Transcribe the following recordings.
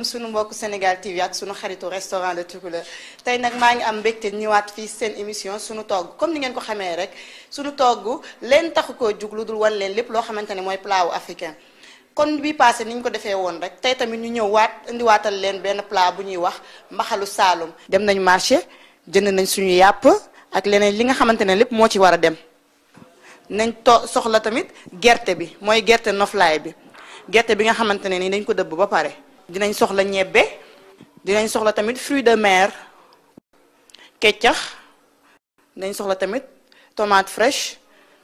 asalaamaaleykum sunu mbokk Sénégal TV ak sunu xaritu restaurant Le Toucouleur tey nag maa ngi am mbégte ñëwaat fii seen émission sunu togg comme ni ngeen ko xamee rek sunu togg leen taxu koo jug lu dul wan leen lépp loo xamante ne mooy plat africain. kon bi passé ni ñu ko defee woon rek tey tamit ñëw waat indiwaatal leen benn plat bu ñuy wax mbaxalu Saalum. dem nañu marché jënd nañ suñu yàpp ak leneen li nga xamante ne lépp moo ci war a dem nañ to soxla tamit gerte bi mooy gerte noflaay bi. gerte bi nga xamante ne ni dañ ko dëbb ba pare dinañ soxla ñebbe dinañ soxla tamit fruit de mer keccax dinañ soxla tamit tomate fraîche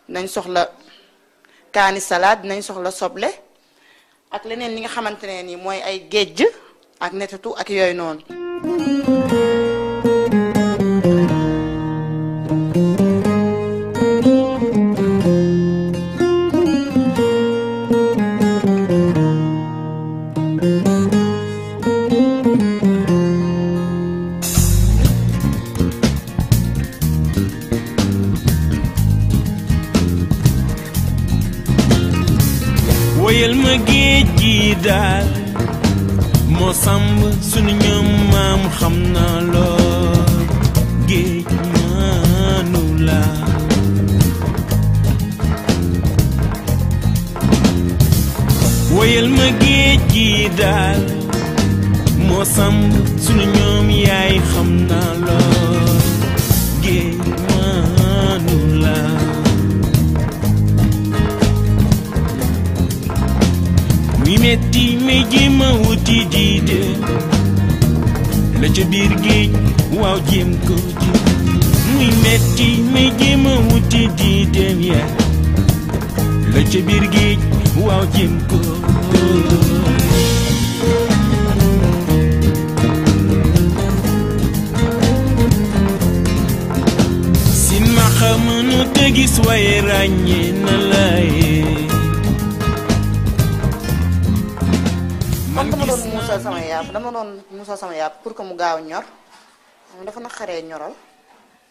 dinañ soxla kaani salade dinañ soxla soble ak leneen li nga xamantene ni nii mooy ay géej ak netatu ak yooyu noonu yelma géej gi daal moo sàmb sunu ñoom maam xam naa lool géej maanu la wayal ma géej gi daal moo sàmb sunu ñoom yaay xam naa lool may la ca biir géej waaw jéem ko ji muy a gis waaye ràññee na laye man dama doon muusal sama yàpp dama doon muusal sama yàpp pour que mu gaaw ñor dafa na xare ñoral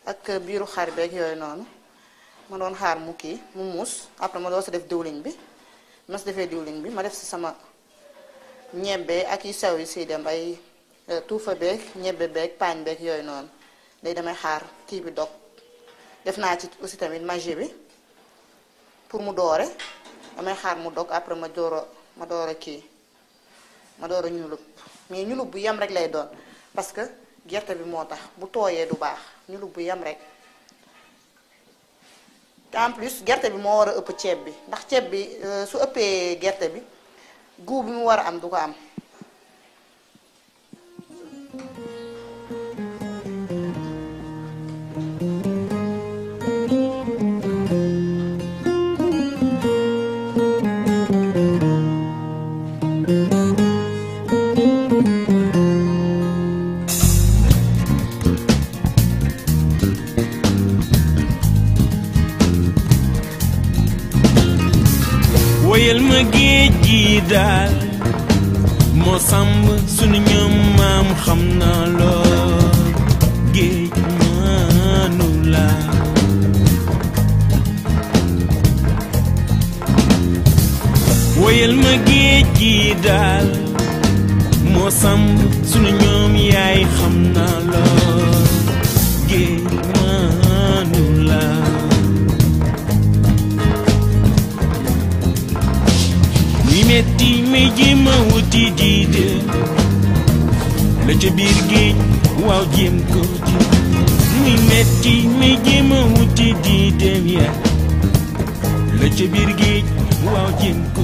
ak biiru xar beeg yooyu noonu ma doon xaar mu kii mu muus après ma doon sa def diwlin bi ma defee diwlin bi ma def si sama ñebbe ak yu sew yi siy dem ay euh, tuufa beeg ñebbe beeg paañ beeg yooyu noonu day damay xaar kii bi dog def naa ci aussi tamit mage bi pour mu doore damay xaar mu dog après ma door ma door a kii ma door a ñulub mais ñulub bu yem rek lay doon parce que gerte bi moo tax bu tooyee du baax ñulub bu yem rek te en plus gerte bi moo war a ëpp ceeb bi ndax ceeb bi euh, su ëppee gerte bi goût bi mu war a am du ko am. ñu maam xam na loo géej mënu la woyal ma géej gi daal moo sàmm sunu ñoom yaay xam na loo géej mënu la mi metti mi jéem a wuti di ca biir géej waaw jéem ko ci muy metti mi jéem a wuti di dem ya la ca biir géej waaw jéem ko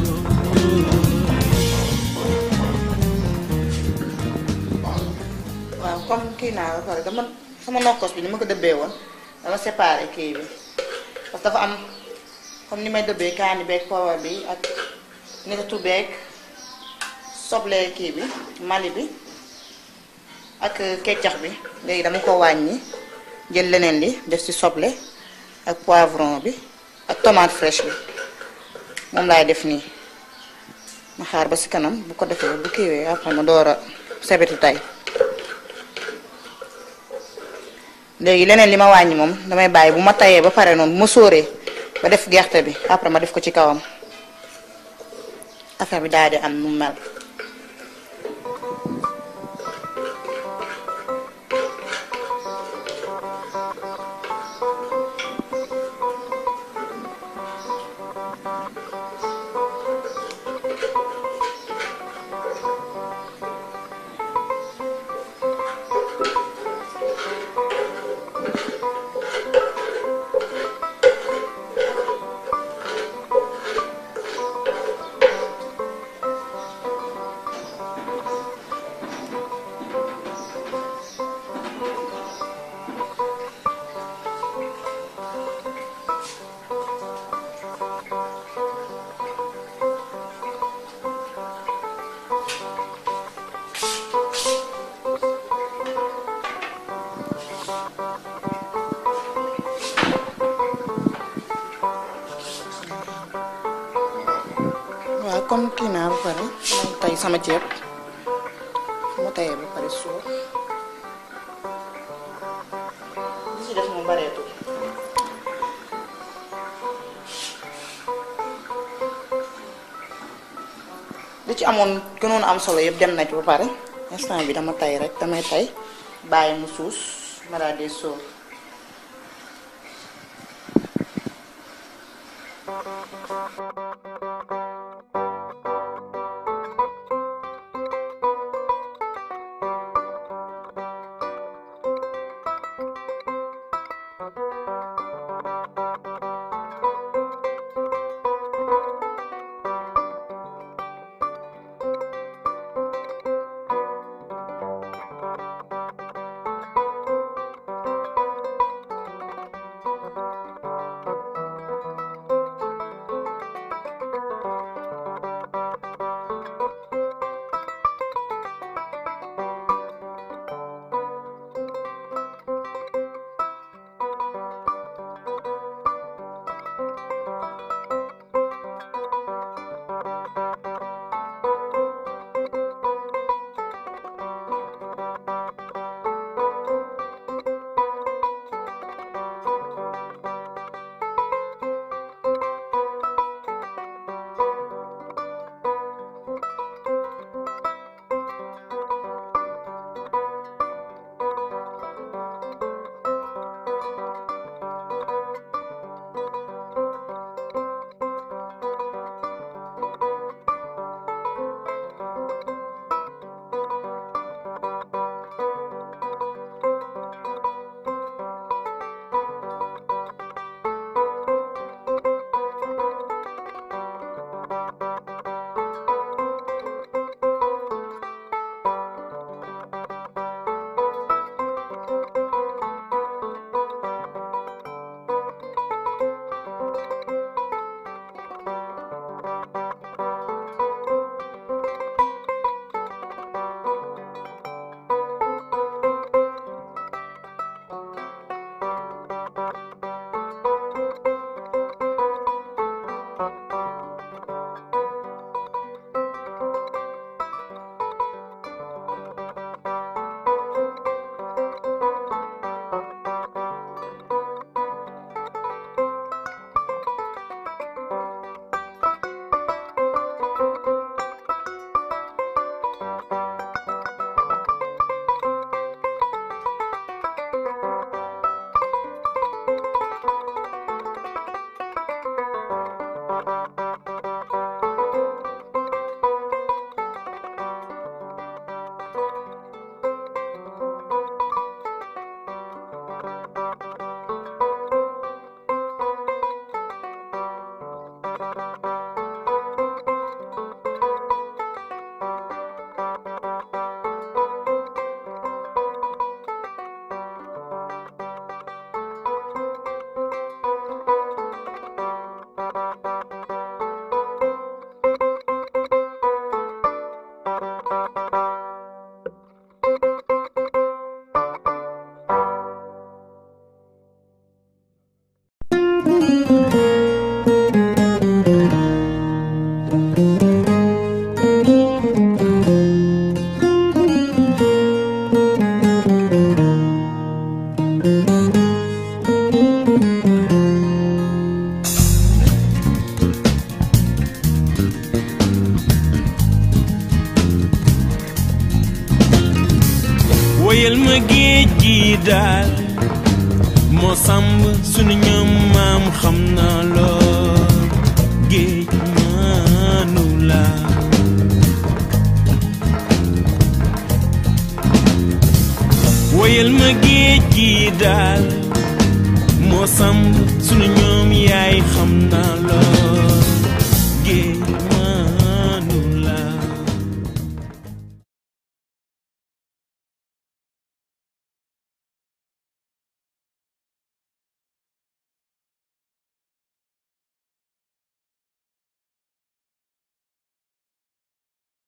waaw comme kii naa ba pare dama sama nokkos bi ni ma ko dëbbee woon dama séparé kii bi parce dafa am comme ni may dëbbee kaani beeg poobar bi ak nekkatu beeg soble kii bi mali bi ak keccax bi léegi dama ko wàññi jël leneen li def ci soble ak poivron bi ak tomate fraîche bi moom laay def nii ma xaar ba si kanam bu ko defee bu kiiwee après ma door a sebetu tay léegi leneen li ma wàññi moom damay bàyyi bu ma tayee ba pare noonu bu ma sóoree ba def gerte bi après ma def ko ci kawam affaire bi daal di am nu mel. waaw comme kii naa pare sama ceeb mu tay ba pare So. li si def moom bareetul li ci amoon am solo yëpp dem na ci ba pare instant bi dama tay rek damay tay bàyyi mu suus Thank you. Thank you. géej gi daal moo sàmm sunu ñam maam xam naa lool géej maanu la woyal ma géej gi daal moo sàmm sunu ñoom yaay xam naa lool